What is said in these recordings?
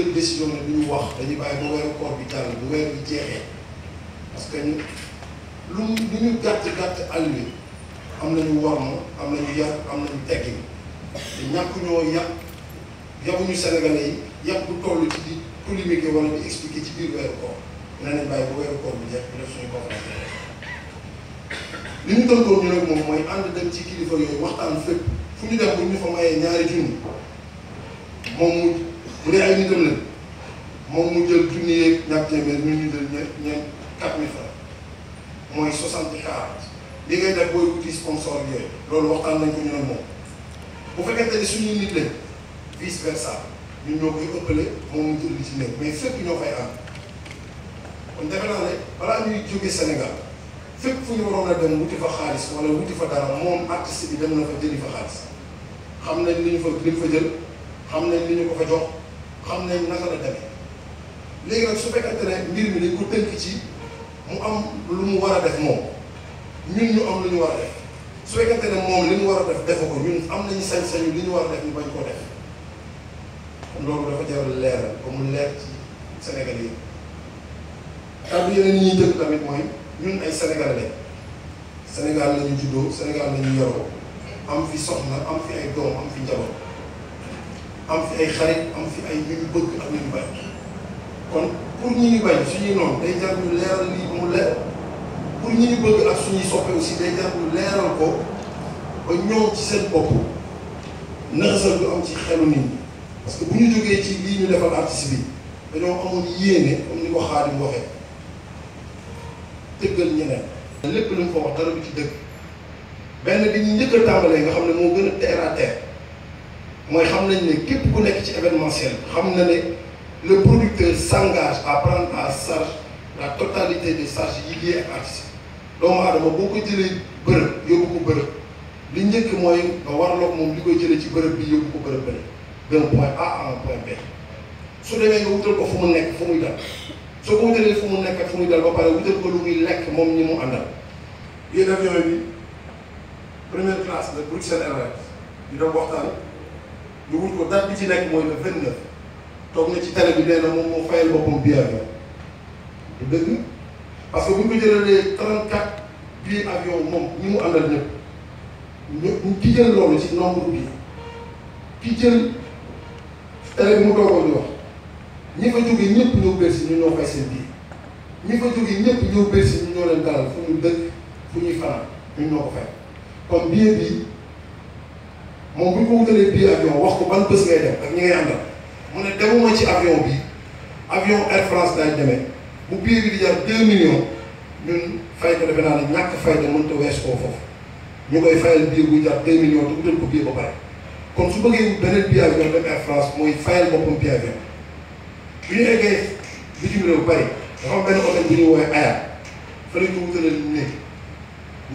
jël décision ne ñu wax dañuy bàyyi ba weeru koor bi jàll bu weer bi jeexee parce ñu lu lu ñu gàtt gàtt àll bi am nañu war ma am nañu yar am nañu teggin te ñoo yàq yabuñu sénégalais yi yàq bu toll ci di ci ñu tënkoon ñu nag moom mooy ànd ci kilifa yooyu waxtaan fépp fu ñu dem bu fa mayee ñaari junni moom bu dee ay nitam lañ moom mu jël junni yeeg ñaar téeméer ñun ñu jël ñeent ñeent quatre mille francs mooy soixante quarante li ngay def booy wuti sponsor yooyu loolu waxtaan nañ ko ñu ne moom bu fekkente ne suñuy nit lañ vice versa ñun ñoo koy ëppale moom mu jël ci nekk mais fépp ñoo fay am kon defe naa balaa ñuy jóge Sénégal fépp fu ñu waroon a dem wuti fa xaalis wala wuti fa dara moom artiste dem na fa jëli fa xaalis xam nañ li ñu fa li fa jël xam nañ li ko fa xam nañ naka la demee léegi nag su fekkante ne mbir mi dañ ko tënk ci mu am lu mu war a def moom ñun ñu am lu ñu war a def su fekkante ne moom li mu war a def defe ko ñun am nañu sañ-sañu li ñu war a def ñu bañ koo def kon loolu dafa jaral leeral ba mu leer ci Sénégal yi kàddu yeneen yi ñuy dëkk tamit mooy ñun senegal sénégalais Sénégal la ñu juddoo Sénégal la ñu yoroo am fi soxna am fi ay doom am fi njaboot. am fi ay xarit am fi ay ñu ñu bëgg ak ñu ñu bañ kon pour ñi ñu bañ suñuy noonu day jar ñu leeral lii mu leer pour ñi ñu bëgg ak suñuy soppe aussi day jar ñu leeral ko ba ñoom ci seen bopp naxasal du am ci xelu nit ñi bu ñu jógee ci lii ñu defal artiste bi dañoo amoon yéene comme ni ko Xaadim waxee tëggal ñeneen lépp luñ ko wax dara bi ci dëgg benn bi ñu njëkk a nga xam ne moo gën a terre mooy xam nañ ne képp ku nekk ci événement événementiel xam na ne le producteur s'engage à prendre à charge la totalité des charges yi liées ak artiste doomu aadama boo ko jëlee bërëb yóbbu ko bërëb li njëkk mooy nga warloog moom li koy jëlee ci bërëb bi yóbbu ko bërëb bële d'un point A à un point su demee nga wutal ko fu mu nekk fu muy dal soo ko wutalee fu mu nekk fu muy dal ba pare wutal ko lu muy lekk moom ñi mu àndal yéen avion bi première classe de ñu wut ko date bi ci mooy le toog na ci télé bi nee na moom moo fayal boppam billet avion du dëgg parce que bu ñu ko jëlalee 34 billets avion moom ñi mu àndal ñëpp ñu ki jël loolu ci nombre bi ki jël bi mu toogoon di wax ñi fa jóge ñëpp ñëw Bercy ñu ñoo fay seen billet ñi fa jóge ñëpp ñëw Bercy ñu ñoo leen dalal fu ñu fu ñuy fanaan ñu ñoo ko fay kon billet bi. moom bu ñu ko avion wax ko ban bés ngay dem ak ñi ngay àndal mu ne demuma ci avion bi avion Air France daañu demee bu bii bi di jar deux millions ñun fay ko defe naa ne ñàkk fay te mënut a wees koo foofu ñu koy fayal biir buy jar deux millions ko biir ba kon su bëggee wut beneen bii avion dem Air France mooy fayal boppam bii avion bi ñu eggee bitim réew bari dafa am benn hôtel bu ñuy woowee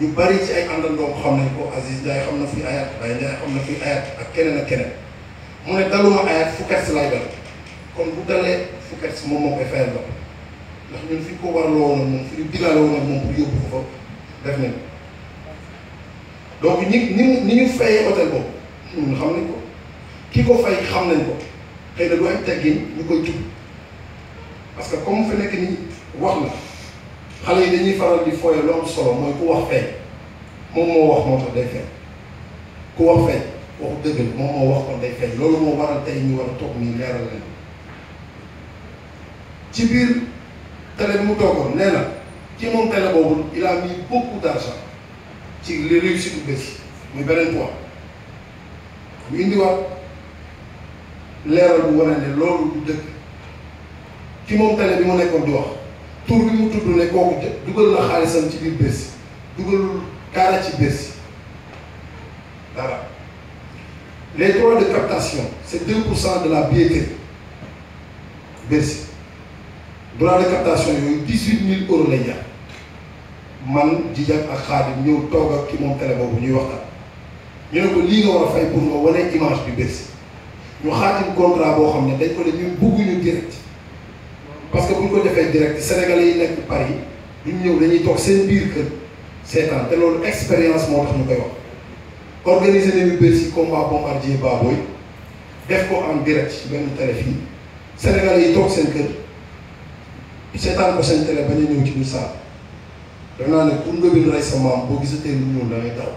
ñu bari ci ay àndandoom xam nañ ko Aziz Ndiaye xam na fi ayat Baye Ndiaye xam na fi ayat ak keneen ak keneen mu ne daluma ayat Foucax lay kon bu dalee Foucax moom moo koy fayal ba ndax ñun fi ko warloo woon fi ñu digale woon ak moom pour yóbbu ko fa def nañ donc ni ñu fayee hôtel boobu ñun xam nañ ko ki ko fay xam nañ ko xëy na du ay teggin ñu koy jub parce que comme fi nekk nii wax na. xale yi dañuy faral di fooye lu am solo mooy ku wax feeñ moom wax moo tax day feeñ ku wax feeñ waxu dëgg la wax kon day feeñ loolu moo waral tey ñu war a toog nii leeral leen ci biir télé bi mu toogoon nee na ci moom télé boobu il a mis beaucoup d'argent ci li réussite bu bés muy beneen point ñu indiwaat leeral bu wane ne loolu du dëgg ci moom télé bi mu nekkoon di wax. tur bi mu tudd ne kooku dugal na xaalisam ci biir Bercy dugalul dara ci Bercy dara les droits de captation pour cent de la billetterie Bercy droits de captation yooyu dix-huit mille euros man di jàpp ak Xaadim ki moom télé boobu ñuy waxtaan ñu ne ko lii nga war image bi Bercy ñu xaatim contrat boo xam ne dañ ko ne parce que bu ñu ko defee direct sénégalais yi nekk Paris ñu ñëw dañuy toog seen biir kër seetaan te loolu expérience moo tax ñu koy wax organiser nañu Bercy combat bombardier Baboy def ko en direct ci benn télé fii sénégalais yi toog seen kër seetaan ko seen télé bañ a ñëw ci ñu saal def naa ne pour ngëbin rey sa maam boo gisatee lu ñuul da ngay daw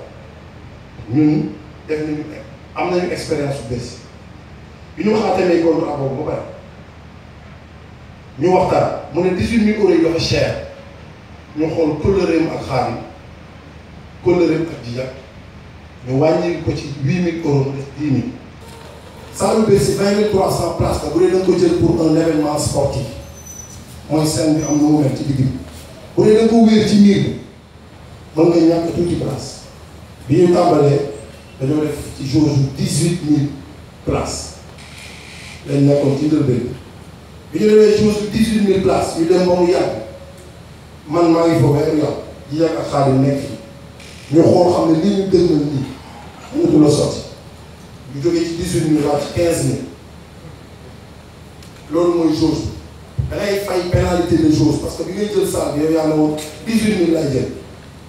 ñun def nañu am nañu expérience bu Bercy bi ñu xaatamee contrat boobu ba pare ñu waxtaan mu ne dix-huit mille euros yi ñu xool kóllëreem ak xaalis kóllëreem ak Djidiack ñu wàññi ko ci mu def dix mille. salle bi si vingt mille trois cent places la bu dee da nga ko jël pour bi am na mu mel ci digg bi bu dee da nga ko wéer ci miir bi ñu demee dem ba mu yàgg man maa ngi foofu rek yàgg di yàgg ak xaalis nekk xool xam ne lii ñu dëgg na nii a sotti ñu jógee ci dix-huit mille ba ci quinze mille loolu mooy chose da ngay fay pénalité de chose que bi ngay jël salle bi yow yaa la woon dix-huit mille lay jël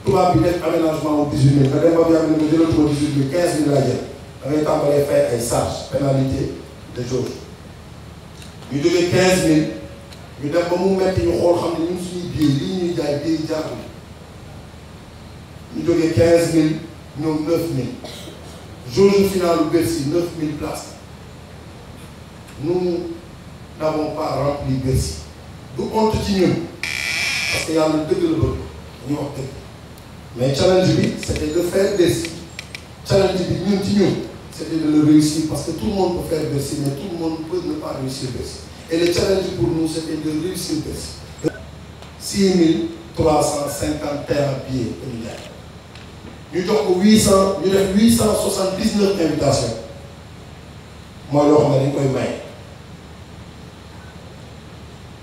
tubaab bi def aménagement wu dix-huit mille nga dem ba mu yàgg ne ko jëlatuma dix-huit mille quinze mille lay jël da ngay tàmbalee fay ay charge pénalité de chose ñu jógee quinze mille ñu dem ba mu metti ñu xool xam ne ñun suñuy biir lii ñuy jaay biir jaaxal ñu jógee quinze mille ñoom neuf mille jauge finalu Bercy neuf mille places nous n'avons pas rempli Bercy du honte ci ñun parce que yàlla dëgg la bëgg ñu wax dëgg mais challenge bi c'était de faire Bercy challenge bi ñun ci ñun c'était de le réussir parce que tout le monde peut faire Bercy, mais tout le monde le challenge pour nous, c'était de réussir Bercy. 6351 billets familiales ñu jox ko 800 ñu def 879 invitations mooy loo xam ne dañ koy maye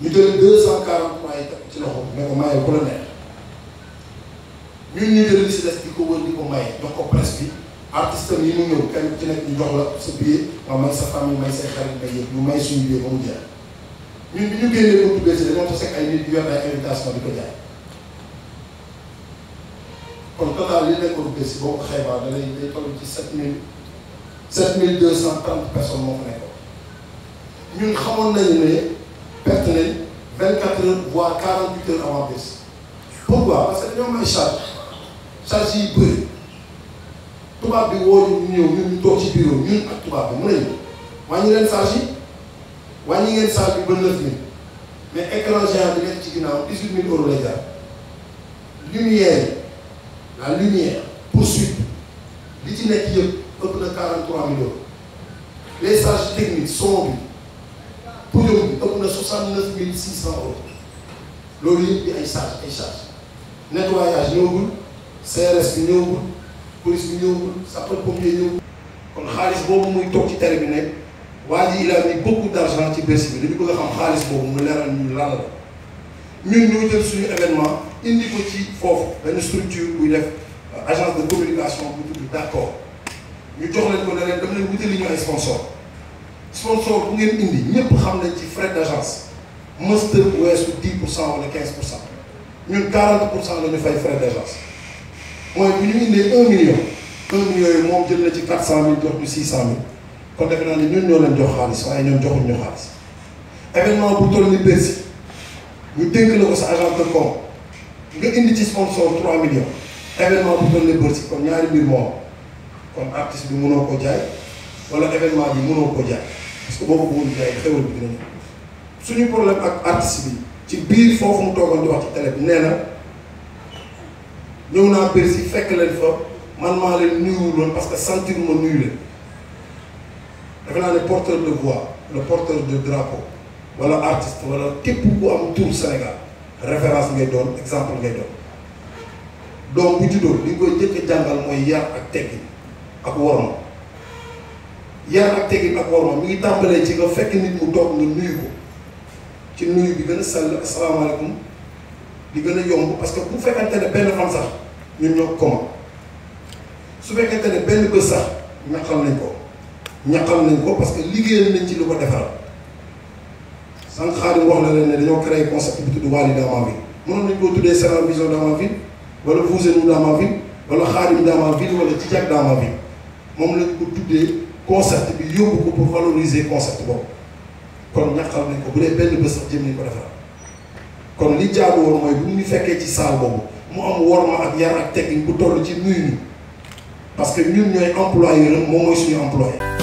ñu jël 243 yi teg ci loxo ne ko maye ku la neex ñun ñu jël li si des di ko wër di ko maye jox ko presse bi. artiste yi mu ñëw kenn ci nekk ñu jox la sa biir nga may sa famille may say xarit nga yëpp ñu may suñu biir ba mu jeex ñun bi ñu génnee buntu bés dañoo tase ay nit yu yor ay invitation di ko jaay kon total li nekkoon bés boo ko xaymaa da lay day toll ci sept mille sept mille deux cent trente personnes moo fa nekkoon ñun xamoon nañu ne perte nañ vingt quatre heures voire quarante huit heures avant bés pourquoi parce que dañoo may charge charge yi bëri. tubaab bi woo ñu ñëw ñun ñu toog bi mën nañu wàññi leen charge yi wàññi ngeen charge bi ba neuf mille mais écran géant bi nekk ci ginnaaw dix huit mille euros lay jar lumière yi la li ci nekk yëpp ëpp na quarante trois mille euros les charges techniques son bi bi ëpp na soixante neuf mille six cent euros loolu yëpp di ay charge ay charge nettoyage ñëwagul CRS bi ñëwagul police bi ñëwul sapeur pompier ñëwul. kon xaalis boobu muy toog ci tere bi nekk waa ji il a beaucoup d' ci Bercy bi dañu bëgg a xam xaalis boobu mu leeral ñu lan la ñun ñoo jël suñu événement indi ko ci foofu benn structure buy def euh, agence de communication bu tudd d' accord ñu jox leen ko ne leen dama leen wutali ñu ay sponsor sponsor ku ngeen indi ñëpp xam nañ ci frais d' agence mësta weesu 10 pour cent wala 15 pour cent ñun 40 pour cent la ñu fay frais d' agence. mooy bi ñu indee un million un million yi moom jël na ci quatre cent mille jox ñu six cent mille kon defe naa ne ñun ñoo leen jox xaalis waaye ñoom joxuñ ñu xaalis événement bu toll ni Bercy ñu dénk la ko sa agent de nga indi ci sponsor trois millions événement bu toll ni Bercy kon ñaari mbir moo kon artiste bi mënoo ko jaay wala événement bi mënoo ko jaay parce que boo ko bëggoon jaay xewal bi dina suñu problème ak artiste bi ci biir foofu mu toogoon di bi nee na. ñëw naa yi fekk leen fa man maa leen nuyuwul woon parce que sentir ma nuyu leen defe naa ne porteur de voix le porteur de drapeau wala artiste wala képp ku am tour Sénégal référence ngay doon exemple ngay doon doom bu juddoo li koy njëkk jàngal mooy yar ak teggin ak worma yar ak teggin ak worma mi ngi tàmbalee ci nga fekk nit mu toog nga nuyu ko ci nuyu bi gën a sell di gën a yomb parce que bu fekkente ne benn fan sax ñu ñoo ko su fekkente ne benn bés sax ñaqal nañ ko ñaqal nañ ko parce que liggéeyal nañ ci lu ko defaral san xaadim wax na leen ne dañoo créé concept bi tudd Wally dans moom ville mënoon nañ koo tuddee Sénégal vision dans ma ville wala Vouzenou dans ma ville wala xaadim dans ma ville wala Jijak dans moom lañ ko tuddee concept bi yóbbu ko pour valoriser concept boobu kon ñaqal nañ ko bu dee kon li jaagu woon mooy bu ñu fekkee ci saal boobu mu am worma ak yar ak teggin bu toll ci nuyu ñu parce que ñun ñooy employé yi moom mooy suñu employé.